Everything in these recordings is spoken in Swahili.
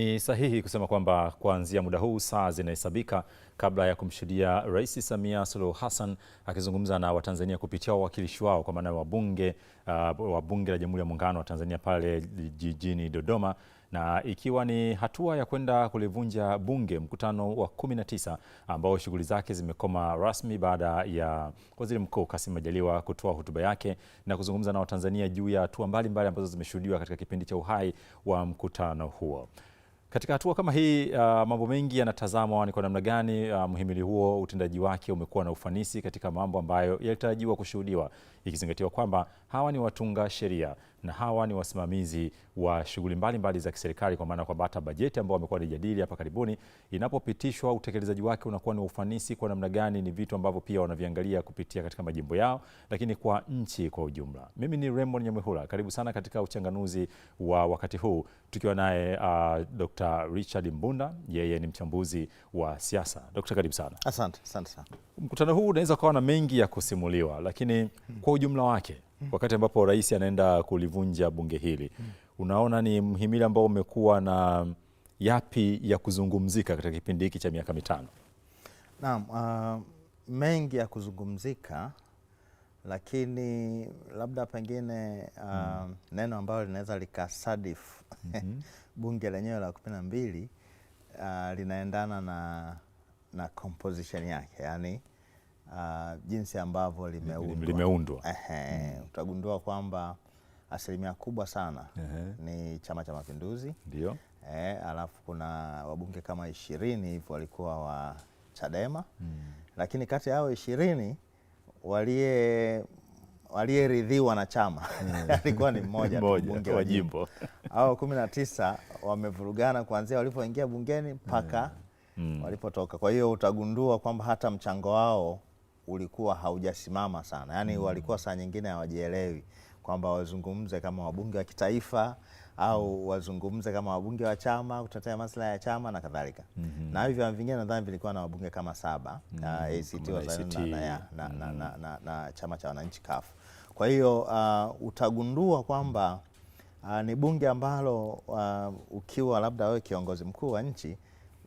Ni sahihi kusema kwamba kuanzia muda huu saa zinahesabika kabla ya kumshuhudia Rais Samia Suluhu Hassan akizungumza na Watanzania kupitia wawakilishi wao kwa maana wabunge uh, wa Bunge la Jamhuri ya Muungano wa Tanzania pale jijini Dodoma, na ikiwa ni hatua ya kwenda kulivunja bunge, mkutano wa kumi na tisa ambao shughuli zake zimekoma rasmi baada ya Waziri Mkuu Kassim Majaliwa kutoa hotuba yake na kuzungumza na Watanzania juu ya hatua mbalimbali ambazo zimeshuhudiwa katika kipindi cha uhai wa mkutano huo. Katika hatua kama hii uh, mambo mengi yanatazamwa ni kwa namna gani uh, mhimili huo utendaji wake umekuwa na ufanisi katika mambo ambayo yalitarajiwa kushuhudiwa, ikizingatiwa kwamba hawa ni watunga sheria na hawa ni wasimamizi wa shughuli mbalimbali za kiserikali, kwa maana kwamba hata bajeti ambao wamekuwa wanajadili hapa karibuni inapopitishwa, utekelezaji wake unakuwa ni ufanisi kwa namna gani, ni vitu ambavyo pia wanaviangalia kupitia katika majimbo yao, lakini kwa nchi kwa ujumla. Mimi ni Raymond Nyamwihula, karibu sana katika uchanganuzi wa wakati huu tukiwa naye uh, Dr. Richard Mbunda, yeye ni mchambuzi wa siasa. Dr. karibu sana. Asante, asante sana. Mkutano huu unaweza ukawa na mengi ya kusimuliwa, lakini hmm. kwa ujumla wake Mm. wakati ambapo rais anaenda kulivunja bunge hili, mm. unaona ni mhimili ambao umekuwa na yapi ya kuzungumzika katika kipindi hiki cha miaka mitano? Naam, uh, mengi ya kuzungumzika, lakini labda pengine uh, mm. neno ambalo linaweza likasadifu mm -hmm. bunge lenyewe la kumi na mbili uh, linaendana na, na composition yake yani uh, jinsi ambavyo limeundwa, limeundwa. Mm. Utagundua kwamba asilimia kubwa sana Ehe. ni Chama cha Mapinduzi ndio. Eh, alafu kuna wabunge kama ishirini hivyo walikuwa wa Chadema mm. lakini kati ya hao ishirini walie waliyeridhiwa na chama mm. alikuwa ni mmoja tu mbunge wa jimbo au kumi na tisa wamevurugana kuanzia walipoingia bungeni mpaka mm. mm. walipotoka. Kwa hiyo utagundua kwamba hata mchango wao ulikuwa haujasimama sana, yaani mm. walikuwa saa nyingine hawajielewi kwamba wazungumze kama wabunge wa kitaifa au mm. wazungumze kama wabunge wa chama kutetea maslahi ya chama na kadhalika. mm -hmm. na hivyo vingine nadhani vilikuwa na wabunge kama saba mm -hmm. ACT Wazalendo na, na, na, mm. na, na, na, na chama cha wananchi kafu. Kwa hiyo uh, utagundua kwamba uh, ni bunge ambalo uh, ukiwa labda wewe kiongozi mkuu wa nchi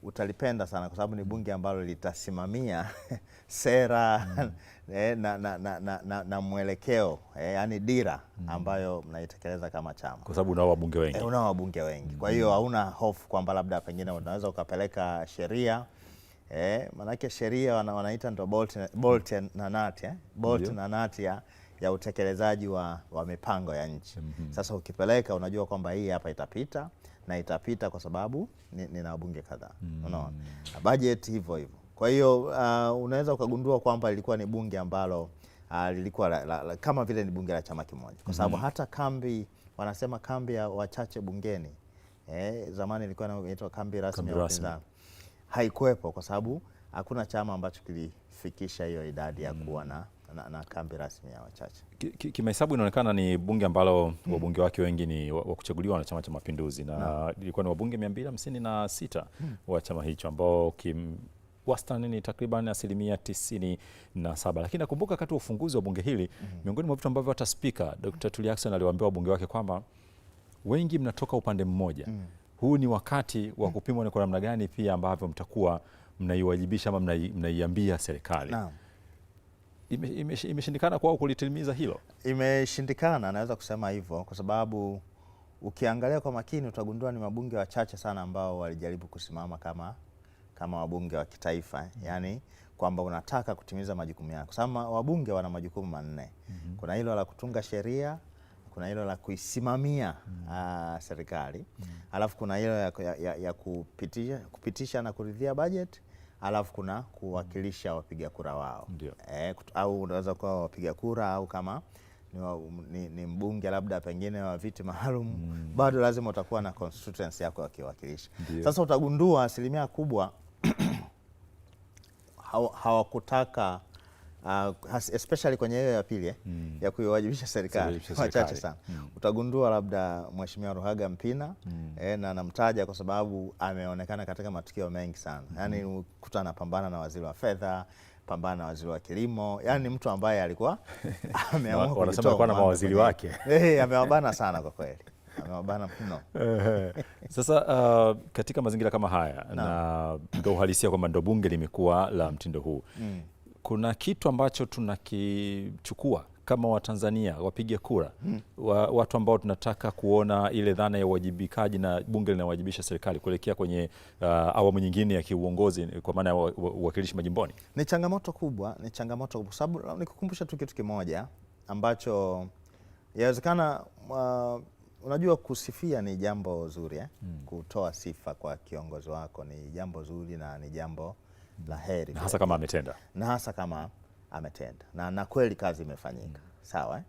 utalipenda sana kwa sababu ni bunge ambalo litasimamia sera mm. eh, na, na, na, na, na mwelekeo eh, yani dira mm. ambayo mnaitekeleza kama chama, kwa sababu unao wabunge wengi eh, unao wabunge wengi. Kwa hiyo mm. hauna hofu kwamba labda pengine unaweza ukapeleka sheria eh, maanake sheria wana, wanaita ndo bolt na eh, bolt na natia ya utekelezaji wa, wa mipango ya nchi mm -hmm. Sasa ukipeleka unajua kwamba hii hapa itapita na itapita kwa sababu nina ni wabunge kadhaa mm -hmm. Unaona bajeti hivyo hivyo. Kwa hiyo uh, unaweza ukagundua kwamba lilikuwa ni bunge ambalo uh, lilikuwa la, la, la, kama vile ni bunge la chama kimoja kwa sababu mm -hmm. hata kambi wanasema kambi ya wachache bungeni eh, zamani ilikuwa inaitwa kambi rasmi ya upinzani haikuwepo kwa sababu hakuna chama ambacho kilifikisha hiyo idadi ya kuwa mm. na na, na kambi rasmi ya wachache. Kimahesabu inaonekana ni bunge ambalo mm. wabunge wake wengi ni wa kuchaguliwa na Chama cha Mapinduzi na ilikuwa no. ni wabunge mia mbili hamsini na sita mm. wa chama hicho ambao kim wastani ni takriban asilimia tisini na saba lakini nakumbuka wakati wa ufunguzi wa bunge hili mm -hmm. miongoni mwa vitu ambavyo hata spika Dr. Tulia Ackson aliwaambia wabunge wake kwamba wengi mnatoka upande mmoja mm -hmm. huu ni wakati wa mm. kupimwa ni kwa namna gani pia ambavyo mtakuwa mnaiwajibisha ama mnaiambia serikali no imeshindikana ime, ime kwao kulitimiza hilo, imeshindikana naweza kusema hivyo, kwa sababu ukiangalia kwa makini utagundua ni mabunge wachache sana ambao walijaribu kusimama kama kama wabunge wa kitaifa mm -hmm. Yani kwamba unataka kutimiza majukumu yako. Sasa wabunge wana majukumu manne mm -hmm. Kuna hilo la kutunga sheria, kuna hilo la kuisimamia mm -hmm. serikali mm -hmm. Alafu kuna hilo ya, ya, ya kupitisha, kupitisha na kuridhia bajeti alafu kuna kuwakilisha wapiga kura wao e, au unaweza kuwa wapiga kura au kama ni, wa, ni, ni mbunge labda pengine wa viti maalum mm. Bado lazima utakuwa na constituency yako wakiwakilisha. Sasa utagundua asilimia kubwa hawakutaka uh, especially kwenye hiyo ya pili mm. ya kuiwajibisha serikali wachache sana mm. utagundua labda Mheshimiwa Ruhaga Mpina mm. eh, na namtaja kwa sababu ameonekana katika matukio mengi sana mm. yaani ukuta anapambana na waziri wa fedha pambana na waziri wa kilimo, yaani mtu ambaye alikuwa ameamua na mawaziri wake eh, amewabana sana kwa kweli amewabana mno. Sasa uh, katika mazingira kama haya na, na ndo uhalisia kwamba ndo bunge limekuwa la mtindo huu mm kuna kitu ambacho tunakichukua kama Watanzania wapiga kura hmm. wa, watu ambao tunataka kuona ile dhana ya uwajibikaji na bunge linawajibisha serikali kuelekea kwenye uh, awamu nyingine ya kiuongozi kwa maana ya uwakilishi majimboni ni changamoto kubwa, ni changamoto kubwa, sababu nikukumbusha tu kitu kimoja ambacho yawezekana uh, unajua kusifia ni jambo zuri eh? hmm. kutoa sifa kwa kiongozi wako ni jambo zuri na ni jambo la heri, na hasa kama ametenda, na hasa kama ametenda na, na kweli kazi imefanyika mm. Sawa eh?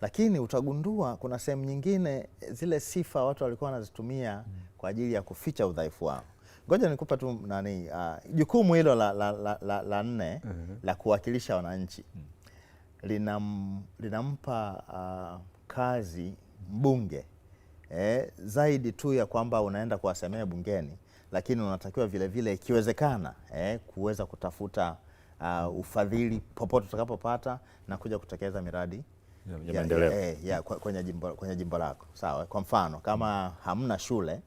Lakini utagundua kuna sehemu nyingine zile sifa watu walikuwa wanazitumia mm. kwa ajili ya kuficha udhaifu wao. Ngoja nikupa tu nani uh, jukumu hilo la, la, la, la, la nne mm -hmm. la kuwakilisha wananchi mm. linam, linampa uh, kazi mbunge eh, zaidi tu ya kwamba unaenda kuwasemea bungeni lakini unatakiwa vilevile ikiwezekana eh, kuweza kutafuta uh, ufadhili popote utakapopata na kuja kutekeleza miradi ya maendeleo eh, kwenye jimbo, kwenye jimbo lako sawa. Kwa mfano kama hamna shule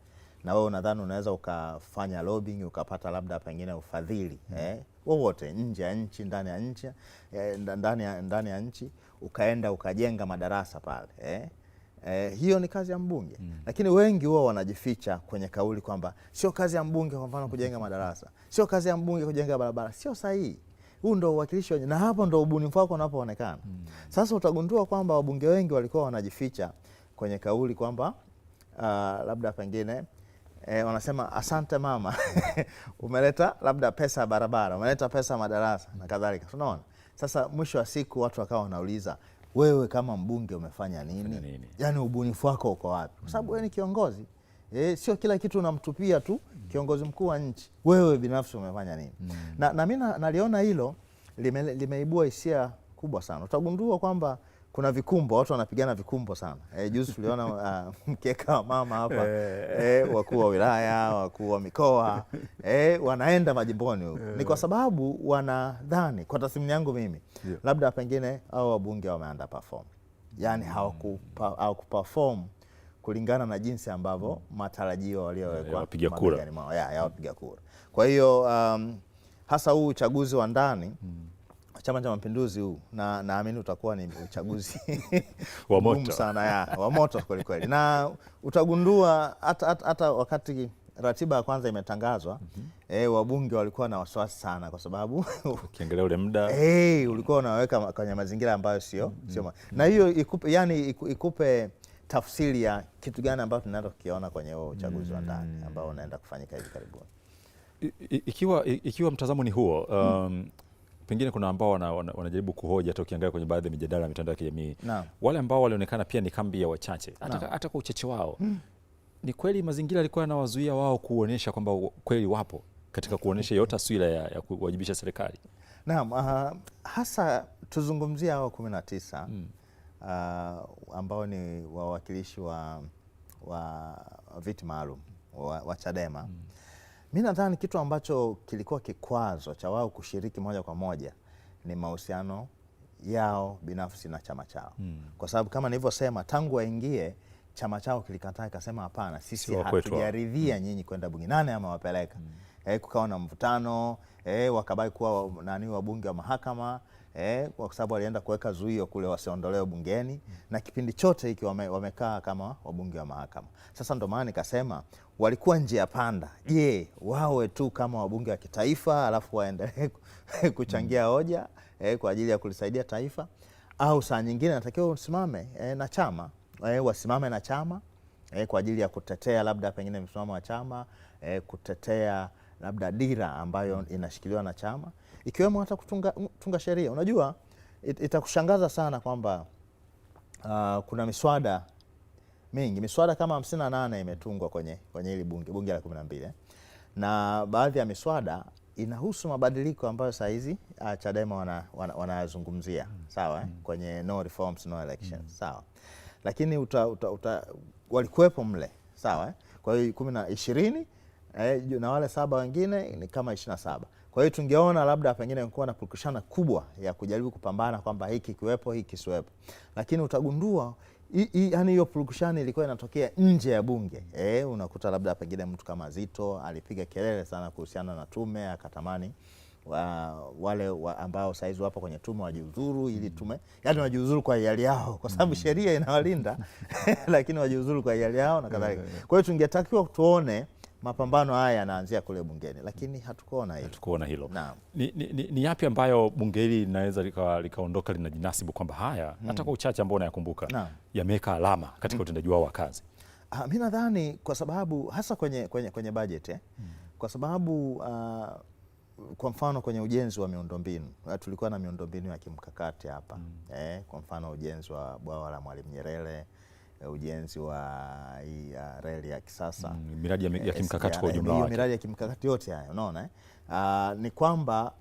na wewe unadhani unaweza ukafanya lobbying ukapata labda pengine ufadhili mm. eh, wowote nje ya nchi ndani ya nchi eh, ndani ya nchi ukaenda ukajenga madarasa pale eh, Eh, hiyo ni kazi ya mbunge mm. Lakini wengi huwa wanajificha kwenye kauli kwamba sio kazi ya mbunge, kwa mfano kujenga madarasa, sio kazi ya mbunge kujenga barabara. Sio sahihi. Huu ndo uwakilishi wenye, na hapo ndo ubunifu wako unapoonekana mm. Sasa utagundua kwamba wabunge wengi walikuwa wanajificha kwenye kauli kwamba uh, labda pengine eh, wanasema asante mama umeleta labda pesa ya barabara, umeleta pesa ya madarasa na kadhalika, tunaona sasa mwisho wa siku watu wakawa wanauliza wewe kama mbunge umefanya nini? nini? Yaani ubunifu wako uko wapi? Kwa sababu wewe ni kiongozi e, sio kila kitu unamtupia tu kiongozi mkuu wa nchi. Wewe binafsi umefanya nini? mm. na, na mi naliona hilo lime, limeibua hisia kubwa sana. Utagundua kwamba kuna vikumbo, watu wanapigana vikumbo sana. E, juzi tuliona uh, mkeka wa mama hapa e, wakuu wa wilaya, wakuu wa mikoa e, wanaenda majimboni huko, ni kwa sababu wanadhani, kwa tathmini yangu mimi yeah, labda pengine au wabunge wameanda perform, yani mm. hawakuperform kulingana na jinsi ambavyo mm. matarajio waliowekwa wapiga kura ya wapiga kura. Kwa hiyo um, hasa huu uchaguzi wa ndani mm. Chama cha Mapinduzi huu na naamini utakuwa ni uchaguzi wa moto sana ya wa moto kweli kweli, na utagundua hata wakati ratiba ya kwanza imetangazwa, mm -hmm. eh, wabunge walikuwa na wasiwasi sana kwa sababu ukiangalia ule muda eh, ulikuwa unaweka kwenye mazingira ambayo sio mm -hmm. sio ma. na hiyo ikupe, yani ikupe tafsiri ya kitu gani ambacho tunaenda kukiona kwenye huo uchaguzi wa ndani mm. ambao unaenda kufanyika hivi karibuni, ikiwa, ikiwa mtazamo ni huo mm. um, mm pengine kuna ambao wanajaribu wana, wana kuhoja hata ukiangalia kwenye baadhi ya mijadala ya mitandao ya kijamii wale ambao walionekana pia ni kambi ya wachache hata kwa uchache wao hmm. Ni kweli mazingira yalikuwa yanawazuia wao kuonyesha kwamba kweli wapo katika kuonyesha hiyo taswira ya, ya kuwajibisha serikali. Naam, uh, hasa tuzungumzia hao kumi na tisa hmm. uh, ambao ni wawakilishi wa, wa viti maalum wa, wa Chadema hmm. Mi nadhani kitu ambacho kilikuwa kikwazo cha wao kushiriki moja kwa moja ni mahusiano yao binafsi na chama chao mm. Kwa sababu kama nilivyosema, tangu waingie chama chao kilikataa, ikasema hapana, sisi hatujaridhia mm. nyinyi kwenda bunge. Nane amewapeleka mm. E, kukawa na mvutano e, eh, wakabaki kuwa nani wabunge wa mahakama eh, kwa sababu alienda kuweka zuio kule wasiondolewe bungeni mm. na kipindi chote hiki wame, wamekaa kama wabunge wa mahakama. Sasa ndo maana nikasema walikuwa njia panda, je, wawe tu kama wabunge wa kitaifa alafu waendelee kuchangia mm. hoja eh, kwa ajili ya kulisaidia taifa, au saa nyingine natakiwa usimame eh, na chama eh, wasimame na chama eh, kwa ajili ya kutetea labda pengine msimamo wa chama eh, kutetea labda dira ambayo mm. inashikiliwa na chama ikiwemo hata kutunga, tunga sheria. Unajua it, itakushangaza sana kwamba uh, kuna miswada mingi miswada kama hamsini na nane imetungwa kwenye, kwenye hili bunge bunge la kumi na mbili na baadhi ya miswada inahusu mabadiliko ambayo saa hizi uh, Chadema wanayazungumzia wana, wana mm. sawa mm. kwenye no reforms, no elections mm. sawa, lakini uta, uta, uta, walikuwepo mle sawa. Eh? Kwa hiyo kumi na ishirini eh, na wale saba wengine ni kama ishirini na saba kwa hiyo tungeona labda pengine kuwa na purukushani kubwa ya kujaribu kupambana kwamba hiki kiwepo hiki kisiwepo, lakini utagundua yaani hiyo purukushani ilikuwa inatokea nje ya bunge e, unakuta labda pengine mtu kama Zito alipiga kelele sana kuhusiana na tume akatamani wa, wale wa ambao saizi wapo kwenye tume wajiuzuru ili mm. tume yani wajiuzuru kwa hiari yao kwa sababu mm. sheria inawalinda lakini wajiuzuru kwa hiari yao na eh, kadhalika. Eh, kwa hiyo tungetakiwa tuone mapambano haya yanaanzia kule bungeni, lakini hatukuona hilo, hatukuona hilo. Ni, ni, ni yapi ambayo bunge hili linaweza likaondoka lika linajinasibu kwamba haya hmm. hata kwa uchache ambao unayakumbuka yameweka alama katika hmm. utendaji wao wa kazi? Ah, mi nadhani kwa sababu hasa kwenye, kwenye, kwenye bajeti eh? Hmm. kwa sababu ah, kwa mfano kwenye ujenzi wa miundombinu eh, tulikuwa na miundombinu ya kimkakati hapa mm. eh, kwa mfano ujenzi wa bwawa la Mwalimu Nyerere ujenzi wa hii ya uh, reli ya kisasa mm, miradi ya, ya eh, kimkakati kwa ujumla wake, miradi ya kimkakati yote haya unaona eh? Uh, ni kwamba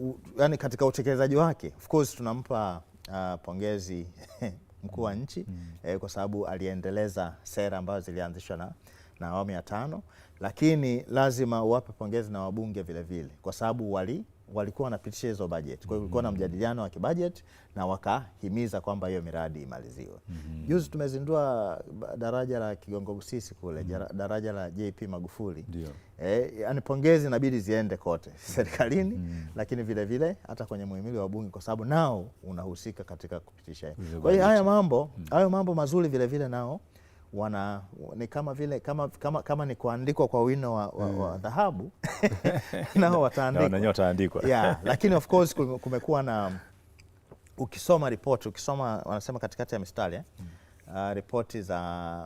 u, yani katika utekelezaji wake of course tunampa uh, pongezi mkuu wa mm. nchi mm. eh, kwa sababu aliendeleza sera ambazo zilianzishwa na na awamu ya tano, lakini lazima uwape pongezi na wabunge vilevile vile, kwa sababu wali walikuwa wanapitisha hizo bajeti. Kwa hiyo kulikuwa na mm-hmm. mjadiliano wa kibajeti na wakahimiza kwamba hiyo miradi imaliziwe. Mm-hmm. Juzi tumezindua daraja la Kigongo Busisi kule, mm-hmm. daraja la JP Magufuli. Eh, yani pongezi inabidi ziende kote serikalini mm, lakini vilevile vile, hata kwenye muhimili wa Bunge kwa sababu nao unahusika katika kupitisha. Kwa hiyo haya mambo mm. hayo mambo mazuri vilevile vile nao wana ni kama vile kama, kama, kama ni kuandikwa kwa wino wa, wa, wa mm. dhahabu nao wataandikwa yeah, lakini of course kumekuwa na ukisoma ripoti ukisoma wanasema katikati ya mistari eh? Mm. Uh, ripoti za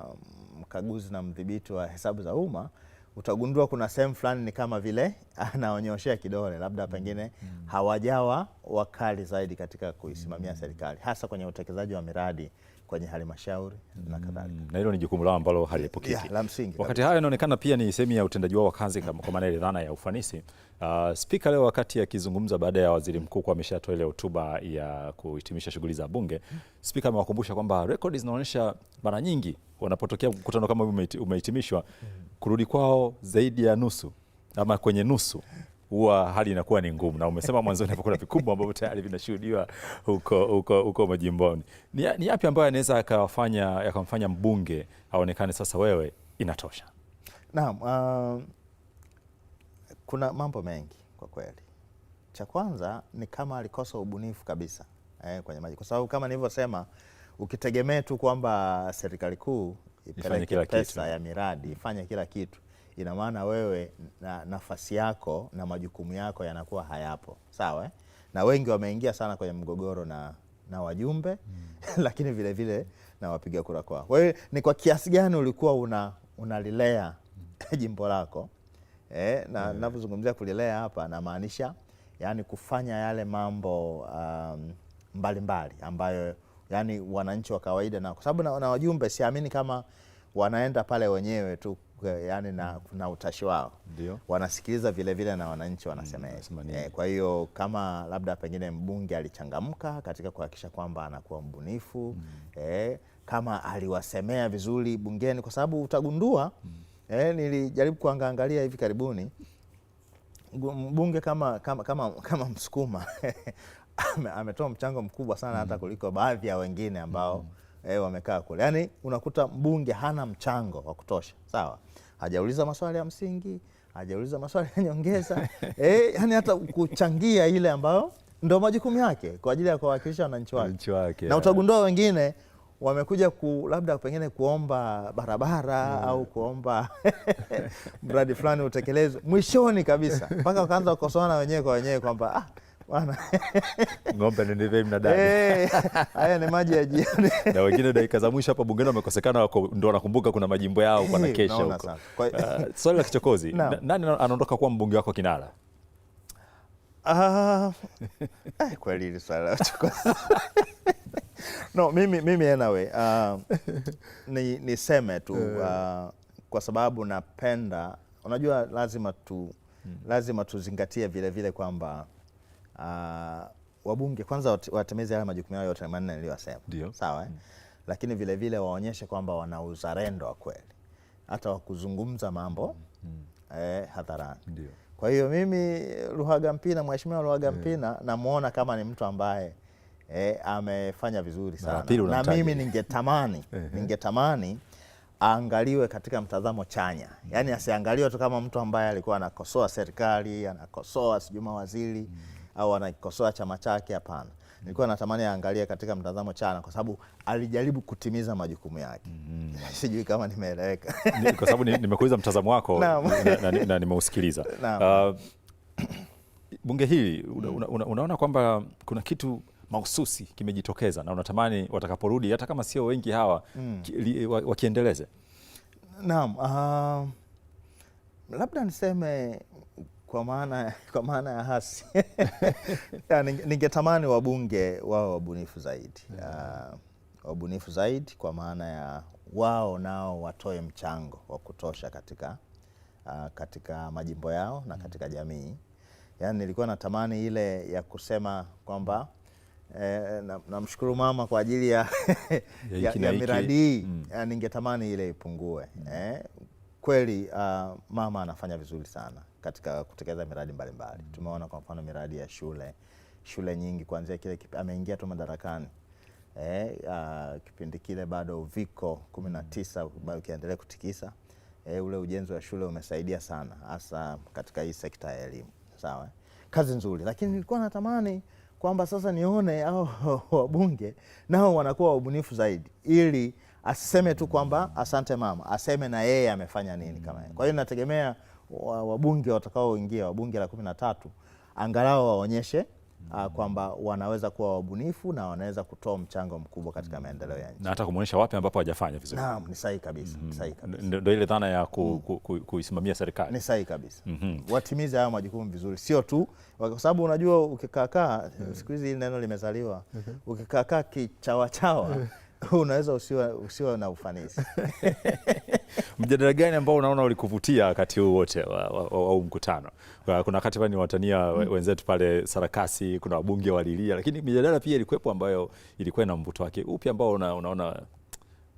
mm, mkaguzi na mdhibiti wa hesabu za umma utagundua kuna sehemu fulani ni kama vile anaonyoshea kidole, labda pengine hawajawa wakali zaidi katika kuisimamia serikali, hasa kwenye utekelezaji wa miradi kwenye halmashauri na kadhalika, mm, na hilo ni jukumu lao ambalo halipokiki. yeah, la msingi. Wakati hayo inaonekana pia ni sehemu ya utendaji wao wa kazi kwa maana ile dhana ya ufanisi. Uh, Spika leo wakati akizungumza baada ya waziri mkuu kuwa ameshatoa ile hotuba ya kuhitimisha shughuli za bunge, Spika amewakumbusha kwamba rekodi zinaonyesha mara nyingi wanapotokea mkutano kama huu umehitimishwa, kurudi kwao zaidi ya nusu ama kwenye nusu huwa hali inakuwa ni ngumu, na umesema mwanzoni hapo kuna vikubwa ambavyo tayari vinashuhudiwa huko, huko, huko majimboni. Ni, ni yapi ambayo anaweza yakamfanya mbunge aonekane sasa wewe inatosha? Naam, uh, kuna mambo mengi kwa kweli. Cha kwanza ni kama alikosa ubunifu kabisa eh, kwenye maji, kwa sababu kama nilivyosema, ukitegemea tu kwamba serikali kuu ipeleke pesa kitu ya miradi ifanye kila kitu ina maana wewe na nafasi yako na majukumu yako yanakuwa hayapo sawa eh? na wengi wameingia sana kwenye mgogoro na, na wajumbe mm. lakini vilevile vile, na wapiga kura kwao. Wewe ni kwa kiasi gani ulikuwa una unalilea mm. jimbo lako eh, na ninavyozungumzia yeah. kulilea hapa namaanisha yani kufanya yale mambo um, mbalimbali ambayo yani wananchi wa kawaida na kwa sababu na, na wajumbe siamini kama wanaenda pale wenyewe tu yani na, mm. na utashi wao ndio Wanasikiliza vilevile vile na wananchi wanasema mm, e, kwa hiyo kama labda pengine mbunge alichangamka katika kuhakikisha kwamba anakuwa mbunifu mm. e, kama aliwasemea vizuri bungeni kwa sababu utagundua mm. e, nilijaribu kuangaangalia hivi karibuni mbunge kama, kama, kama, kama Msukuma ametoa mchango mkubwa sana mm. hata kuliko baadhi ya wengine ambao mm eh, wamekaa kule. Yaani unakuta mbunge hana mchango wa kutosha, sawa, hajauliza maswali ya msingi, hajauliza maswali ya nyongeza eh, yani hata kuchangia ile ambayo ndo majukumu yake kwa ajili ya kuwakilisha wananchi wake, na eh. utagundua wengine wamekuja ku, labda pengine kuomba barabara mm, au kuomba mradi fulani utekelezwe, mwishoni kabisa mpaka wakaanza kukosoana wenyewe kwa wenyewe kwamba ah, ng'ombe nendevei mnadani eh, haya ni maji ya jioni. Na wengine dakika za mwisho hapa bungeni wamekosekana, wako ndo wanakumbuka kuna majimbo yao wanakesha huko. Eh, swali la kichokozi, nani anaondoka kuwa mbunge wako kinara? Ah, eh, kweli hili swali la kichokozi. No, mimi, mimi enawe uh, ah, ni niseme tu uh, kwa sababu napenda, unajua lazima tu hmm. lazima tuzingatie vilevile kwamba uh, wabunge kwanza watemeze yale majukumu yao yote manne niliyosema, sawa eh? mm. Lakini vile vile waonyeshe kwamba wana uzalendo wa kweli hata wakuzungumza mambo mm. eh, hadharani. Kwa hiyo mimi Luhaga Mpina, mheshimiwa Luhaga eh. Mpina yeah. namuona kama ni mtu ambaye eh, amefanya vizuri sana na, na mimi ningetamani ningetamani aangaliwe katika mtazamo chanya, yaani asiangaliwe tu kama mtu ambaye alikuwa anakosoa serikali, anakosoa sijui mawaziri mm au anakikosoa chama chake, hapana. Nilikuwa natamani aangalie katika mtazamo chana, kwa sababu alijaribu kutimiza majukumu yake. mm -hmm. Sijui kama nimeeleweka kwa sababu nimekuuliza mtazamo wako na, na, na, na nimeusikiliza uh, bunge hili una, mm. una, unaona kwamba kuna kitu mahususi kimejitokeza na unatamani watakaporudi hata kama sio wengi hawa mm. wakiendeleze? Naam, uh, labda niseme kwa maana, kwa maana ya hasi ningetamani wabunge wao wabunifu zaidi uh, wabunifu zaidi kwa maana ya wao nao watoe mchango wa kutosha katika, uh, katika majimbo yao na mm. katika jamii. Yaani nilikuwa natamani ile ya kusema kwamba eh, namshukuru na mama kwa ajili ya, ya, ya, ya miradi hii mm. Ningetamani ile ipungue mm. eh, kweli uh, mama anafanya vizuri sana katika kutekeleza miradi mbalimbali. Mm. Tumeona kwa mfano miradi ya shule, shule nyingi kuanzia kile ameingia tu madarakani eh, uh, kipindi kile bado uviko 19 mm. bado ukiendelea kutikisa eh, ule ujenzi wa shule umesaidia sana hasa katika hii sekta ya elimu. Sawa, kazi nzuri, lakini nilikuwa natamani kwamba sasa nione au wabunge nao wanakuwa wabunifu zaidi, ili asiseme tu kwamba asante mama, aseme na yeye amefanya nini kama yeye. Mm. Kwa hiyo nategemea wabunge watakaoingia, wabunge la kumi na tatu, angalau waonyeshe Uh, kwamba wanaweza kuwa wabunifu na wanaweza kutoa mchango mkubwa katika maendeleo ya nchi na hata kumwonyesha wapi ambapo hawajafanya vizuri. Naam, ni sahihi kabisa, mm -hmm. sahihi kabisa. Ndio ile dhana ya ku, mm. ku, ku, kuisimamia serikali. Ni sahihi kabisa. mm -hmm. Watimize hayo majukumu vizuri, sio tu kwa sababu unajua ukikaakaa mm -hmm. siku hizi neno limezaliwa mm -hmm. ukikaakaa kichawachawa mhm. unaweza usiwe, usiwe na ufanisi. Mjadala gani ambao unaona ulikuvutia wakati huu wote au mkutano? Kuna wakati pale ni watania mm. wenzetu pale sarakasi, kuna wabunge walilia, lakini mijadala pia ilikuwepo ambayo ilikuwa na mvuto wake. Upi ambao una, unaona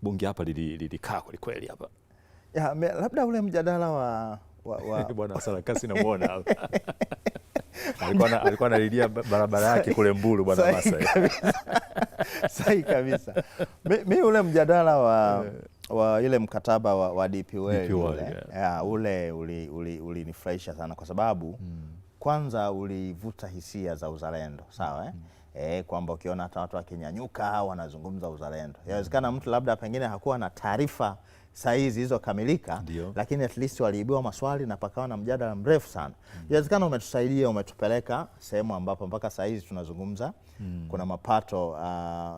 bunge hapa lilikaa kwelikweli hapa? Ya, me, labda ule mjadala wa Bwana sarakasi namwona hapa alikuwa analilia barabara yake kule Mbulu bwana Masai. Sahi kabisa. Mi ule mjadala wa eh. wa ile mkataba wa, wa DP World ule, yeah. ule ulinifurahisha uli, uli sana kwa sababu mm. kwanza ulivuta hisia za uzalendo sawa eh? mm. E, kwamba ukiona hata watu wakinyanyuka wanazungumza uzalendo, mm. mtu labda pengine hakuwa na taarifa sahihi zilizokamilika, lakini at least waliibiwa maswali na pakawa na mjadala mrefu sana. Inawezekana mm. umetusaidia, umetupeleka sehemu ambapo mpaka sahizi tunazungumza mm. kuna mapato uh,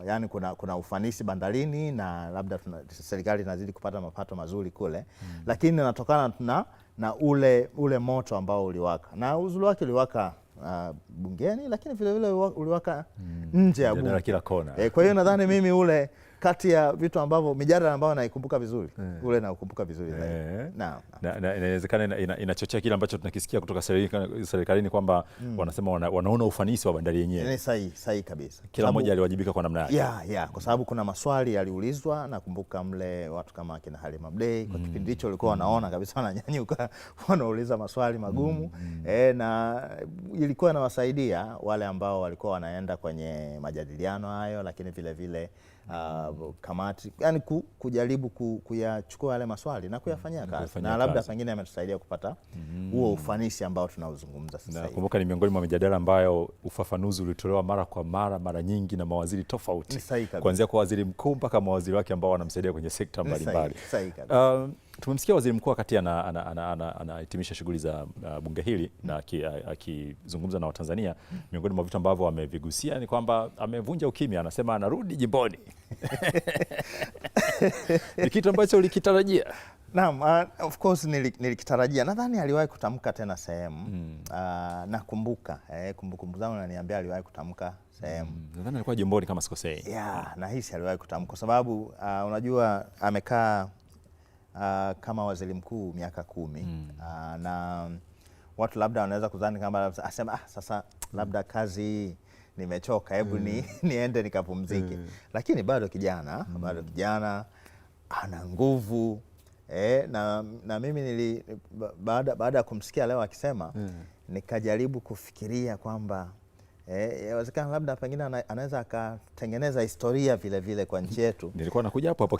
yani kuna, kuna ufanisi bandarini na labda tuna, serikali inazidi kupata mapato mazuri kule mm. lakini inatokana na, na ule, ule moto ambao uliwaka na uzuri wake uliwaka Uh, bungeni lakini vilevile uliwaka mm. nje ya bunge kila kona. E, kwa hiyo nadhani mimi ule kati ya vitu ambavyo mijadala ambayo naikumbuka vizuri yeah. Ule naukumbuka vizuri yeah. na, na. na inachochea ina, ina kile ambacho tunakisikia kutoka serikalini kwamba mm. wanasema wana, wanaona ufanisi wa bandari yenyewe. yeah, sahi, sahi kabisa, kila mmoja aliwajibika kwa namna yake yeah, yeah. Kwa sababu kuna maswali yaliulizwa, nakumbuka mle watu kama akina Halima Mdee kwa mm. kipindi hicho walikuwa wanaona mm. kabisa wananyanyuka wanauliza maswali magumu mm. e, na ilikuwa inawasaidia wale ambao walikuwa wanaenda kwenye majadiliano hayo, lakini vile vile uh, kamati yani ku, kujaribu ku, kuyachukua yale maswali na kuyafanyia mm, kazi na labda pengine yametusaidia kupata mm. huo mm. ufanisi ambao tunaozungumza sasa hivi. ni miongoni mwa mijadala ambayo ufafanuzi ulitolewa mara kwa mara mara nyingi na mawaziri tofauti kuanzia kwa waziri mkuu mpaka mawaziri wake ambao wanamsaidia kwenye sekta mbalimbali. Tumemsikia waziri mkuu wakati anahitimisha shughuli za uh, bunge hili mm na akizungumza na Watanzania miongoni mwa vitu ambavyo amevigusia ni kwamba amevunja ukimya, anasema anarudi jimboni ni kitu ambacho ulikitarajia? Naam, uh, of course nilikitarajia. Nadhani aliwahi kutamka tena sehemu mm. uh, nakumbuka eh, kumbukumbu zangu naniambia aliwahi kutamka sehemu mm. nadhani alikuwa jimboni kama sikosei. Yeah, nahisi aliwahi kutamka kwa sababu uh, unajua amekaa uh, kama waziri mkuu miaka kumi mm. uh, na watu labda wanaweza kudhani kama asema ah, sasa labda kazi nimechoka, hebu mm. ni, hmm. niende nikapumzike mm. lakini bado kijana mm. bado kijana ana nguvu eh, na, na mimi nili baada ya kumsikia leo akisema mm. nikajaribu kufikiria kwamba inawezekana eh, labda pengine anaweza akatengeneza historia vile vile kwa nchi yetu. Nilikuwa nakuja hapo hapo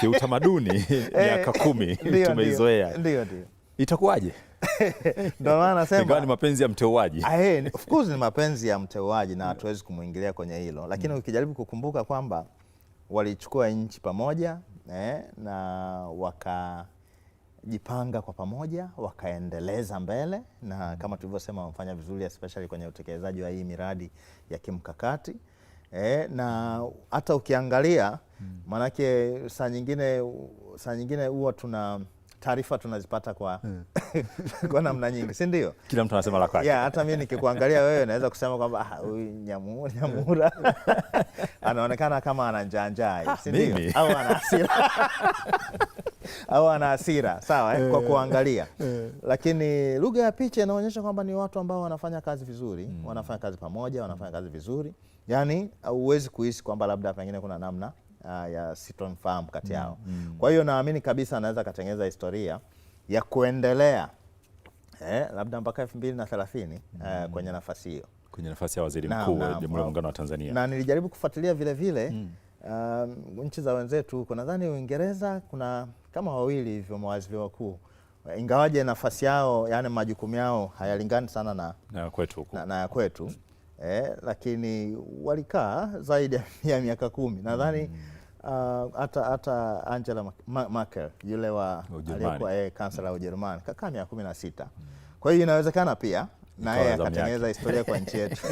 kiutamaduni miaka kumi eh, tumeizoea, ndio ndio itakuwaje? Ndio maana nasema ni mapenzi ya mteuaji ah, eh, of course ni mapenzi ya mteuaji na hatuwezi kumwingilia kwenye hilo, lakini mm. ukijaribu kukumbuka kwamba walichukua nchi pamoja eh, na waka wamejipanga kwa pamoja wakaendeleza mbele na kama tulivyosema wamefanya vizuri especially kwenye utekelezaji wa hii miradi ya kimkakati. E, na hata ukiangalia hmm. maanake saa nyingine saa nyingine huwa tuna taarifa tunazipata kwa, hmm. kwa namna nyingi si ndio? Kila mtu anasema la kwake. Yeah, hata mimi nikikuangalia wewe naweza kusema kwamba ah, huyu Nyamura, Nyamura. anaonekana kama ana njaa njaa, si ndio? Au ana hasira au ana hasira sawa, eh, kwa eh, kuangalia eh. lakini lugha ya picha inaonyesha kwamba ni watu ambao wanafanya kazi vizuri mm. wanafanya kazi pamoja, wanafanya kazi vizuri, yani huwezi kuhisi kwamba labda pengine kuna namna uh, ya sitomfahamu kati mm, yao mm. mm. kwa hiyo naamini kabisa anaweza akatengeneza historia ya kuendelea eh, labda mpaka elfu mbili na thelathini eh, mm. kwenye nafasi hiyo, kwenye nafasi ya waziri mkuu wa Jamhuri ya Muungano wa Tanzania, na nilijaribu kufuatilia vilevile mm um, nchi za wenzetu huko, nadhani Uingereza kuna kama wawili hivyo mawaziri wakuu, ingawaje nafasi yao yani majukumu yao hayalingani sana na, ya kwetu, na, na, ya kwetu. Eh, lakini walikaa zaidi ya miaka kumi nadhani mm. ah, hata uh, hata Angela Merkel yule wa aliyekuwa eh, kansela wa Ujerumani kakaa miaka kumi na sita. Mm. Kwa hiyo inawezekana pia na akatengeneza historia kwa nchi yetu.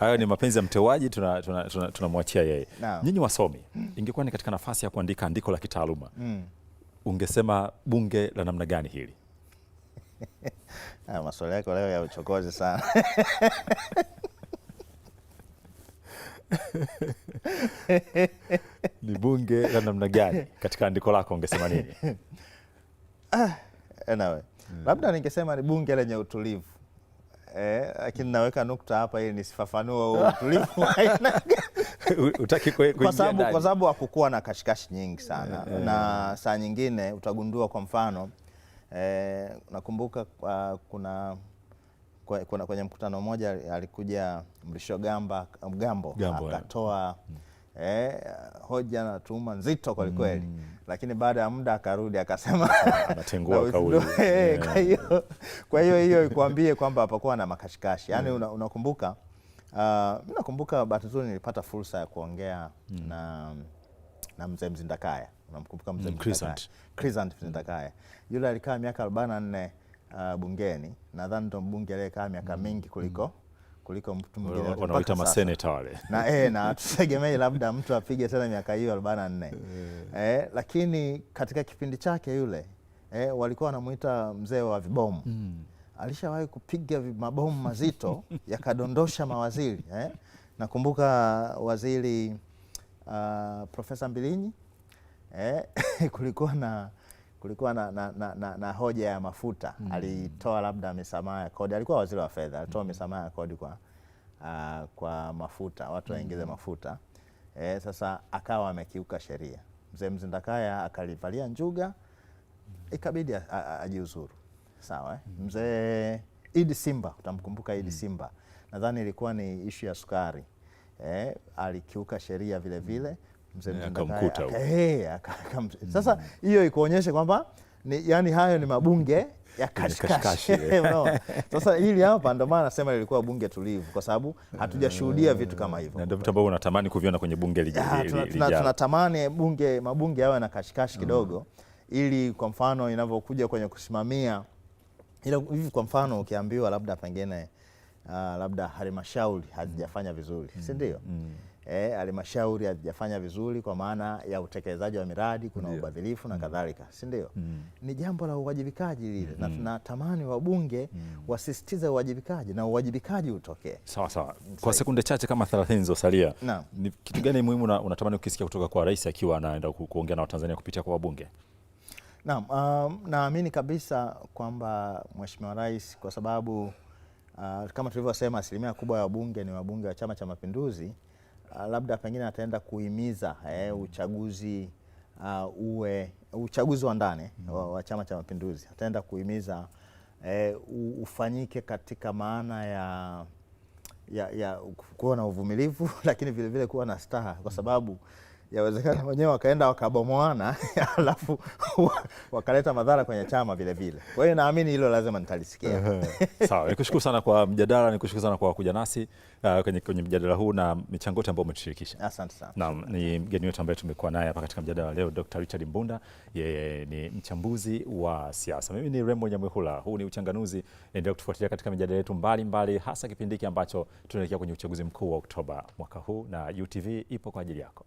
Hayo ni mapenzi ya mtewaji, tunamwachia tuna, tuna, tuna yeye no. Nyinyi wasomi, ingekuwa ni katika nafasi ya kuandika andiko la kitaaluma mm. ungesema bunge la namna gani hili? Ah, maswali yako leo ya uchokozi sana. ni bunge la namna gani? Katika andiko lako ungesema nini? Ah, anyway. mm. Labda ningesema ni bunge lenye utulivu eh, lakini naweka nukta hapa ili nisifafanue utulivu utaki kwa sababu hakukuwa na kashikashi nyingi sana yeah, yeah. Na saa nyingine utagundua kwa mfano eh, nakumbuka uh, kuna kwenye mkutano mmoja alikuja Mrisho Gamba Gambo eh. akatoa yeah. Mm. Eh, hoja na tuhuma nzito kwelikweli mm. Lakini baada ya muda akarudi akasema anatengua kauli. Eh, kwa hiyo kwa hiyo hiyo ikuambie kwamba hapakuwa na makashikashi yani mm. Unakumbuka una uh, nakumbuka bahati nzuri nilipata fursa ya kuongea mm. na, na mzee Mzindakaya unamkumbuka mzee mm, Crescent mm. Mzindakaya yule alikaa miaka 44 uh, ah, bungeni nadhani ndo mbunge aliyekaa miaka mm. mingi kuliko mm kuliko mtu mwingine wanaoita maseneta wale na, e, na tutegemee labda mtu apige tena miaka hiyo 44 eh, e, lakini katika kipindi chake yule eh, walikuwa wanamwita mzee wa vibomu mm. Alishawahi kupiga mabomu mazito yakadondosha mawaziri eh? Nakumbuka waziri uh, Profesa Mbilinyi eh? kulikuwa na kulikuwa na, na, na, na, na hoja ya mafuta mm. Alitoa labda misamaha ya kodi, alikuwa waziri wa fedha, alitoa mm. misamaha ya kodi kwa, uh, kwa mafuta watu waingize mm. mafuta e, sasa akawa amekiuka sheria. Mzee Mzindakaya akalivalia njuga, ikabidi ajiuzuru. Sawa eh? mm. Mzee Idi Simba, utamkumbuka Idi mm. Simba, nadhani ilikuwa ni ishu ya sukari e, alikiuka sheria vilevile mm. Eh, sasa hiyo ikuonyeshe kwamba yani hayo ni mabunge ya kashikashi eh. Sasa hili hapa ndio maana nasema lilikuwa bunge tulivu, kwa sababu hatujashuhudia vitu kama hivyo, ndio vitu ambavyo unatamani kuviona kwenye bunge ah, Tunatamani bunge mabunge yawe na kashikashi kidogo, mm. ili kwa mfano inavyokuja kwenye kusimamia hivi, kwa mfano ukiambiwa labda pengine uh, labda halmashauri hazijafanya vizuri, si mm. ndio? Mm. Eh, halmashauri e, hazijafanya vizuri kwa maana ya utekelezaji wa miradi, kuna Ndiyo. ubadhilifu na mm. kadhalika, si ndio? mm. ni jambo la uwajibikaji lile mm. na mm-hmm. tunatamani wabunge mm. wasisitize uwajibikaji na uwajibikaji utokee. Sawa sawa, kwa sekunde chache kama 30 zilizosalia, ni kitu gani muhimu na unatamani ukisikia kutoka kwa rais akiwa anaenda kuongea na Watanzania kupitia kwa wabunge? Naam, uh, naamini kabisa kwamba Mheshimiwa Rais kwa sababu uh, kama tulivyosema asilimia kubwa ya wabunge ni wabunge wa Chama cha Mapinduzi. Ah, labda pengine ataenda kuhimiza eh, mm. uchaguzi uh, uwe uchaguzi wa ndani mm. wa Chama cha Mapinduzi ataenda kuhimiza eh, ufanyike katika maana ya, ya, ya kuwa na uvumilivu lakini vilevile kuwa na staha kwa mm. sababu yawezekana wenyewe wakaenda wakabomoana alafu wakaleta madhara kwenye chama vilevile. Kwa hiyo naamini hilo lazima nitalisikia. Sawa, nikushukuru sana kwa mjadala, nikushukuru sana kwa kuja nasi uh, kwenye, kwenye mjadala huu na michango yote ambayo umetushirikisha. Asante sana. Naam, ni mgeni wetu ambaye tumekuwa naye hapa katika mjadala leo Dr. Richard Mbunda, yeye ni mchambuzi wa siasa. Mimi ni Rembo Nyamwihula, huu ni Uchanganuzi. Endelea kutufuatilia katika mijadala yetu mbalimbali, hasa kipindi hiki ambacho tunaelekea kwenye uchaguzi mkuu wa Oktoba mwaka huu, na UTV ipo kwa ajili yako.